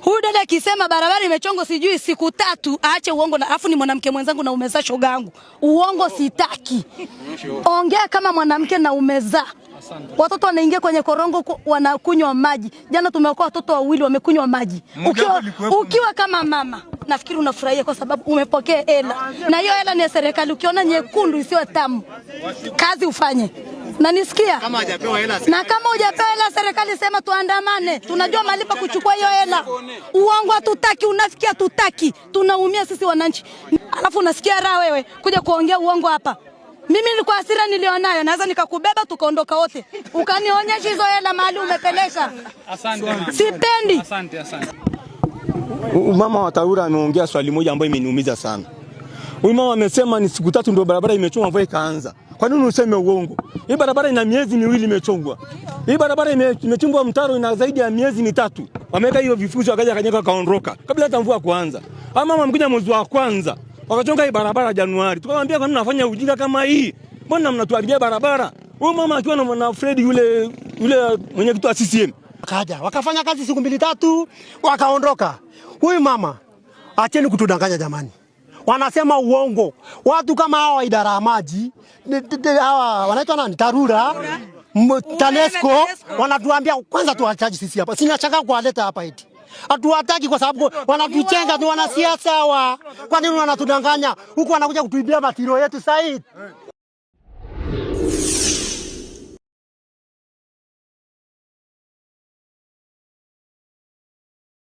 Huyu dada akisema barabara imechongo sijui siku tatu, aache uongo na afu ni mwanamke mwenzangu na umeza shoga yangu. Uongo sitaki. Ongea kama mwanamke na umezaa. Watoto wanaingia kwenye korongo wanakunywa maji. Jana tumeokoa watoto wawili wamekunywa maji. Ukiwa, ukiwa kama mama nafikiri unafurahia kwa sababu umepokea hela. Na hiyo hela ni ya serikali. Ukiona nyekundu isiyo tamu, kazi ufanye. Nanisikia? Kama hajapewa hela na kama hujapewa hela serikali sema tuandamane, tunajua mahali kuchukua hiyo hela. Uongo hatutaki, unafikia tutaki, tunaumia sisi wananchi. Alafu unasikia raha wewe kuja kuongea uongo hapa. Mimi nilikuwa hasira nilionayo, naweza nikakubeba tukaondoka wote, ukanionyesha hizo hela mahali umepeleka. Asante mama. Sipendi. Asante, asante. Mama wa Tarura ameongea swali moja ambayo imeniumiza sana. Huyu mama amesema ni siku tatu ndio barabara imechoma mvua ikaanza. Kwa nini useme uongo? Hii barabara ina miezi miwili imechongwa. Hii barabara imechimbwa mtaro ina zaidi ya miezi mitatu. Wameweka hiyo vifusi wakaja kanyeka kaondoka kabla hata mvua kuanza. Ama mkuja mwezi wa kwanza wakachonga hii barabara Januari. Tukamwambia kwa nini unafanya ujinga kama hii? Mbona mnatuharibia barabara? Huyu mama akiwa na mwana Fred yule yule mwenyekiti wa CCM. Kaja, wakafanya kazi siku mbili tatu, wakaondoka. Huyu mama, acheni kutudanganya jamani wanasema uongo. Watu kama hawa idara ya maji hawa wanaitwa nani, TARURA, TANESCO, wanatuambia kwanza tuwachaji sisi hapa. Sina kuwaleta hapa eti hatuwataki kwa sababu wanatuchenga, ni wanasiasa wa. Kwa nini wanatudanganya huku, wanakuja kutuibia matiro yetu saidi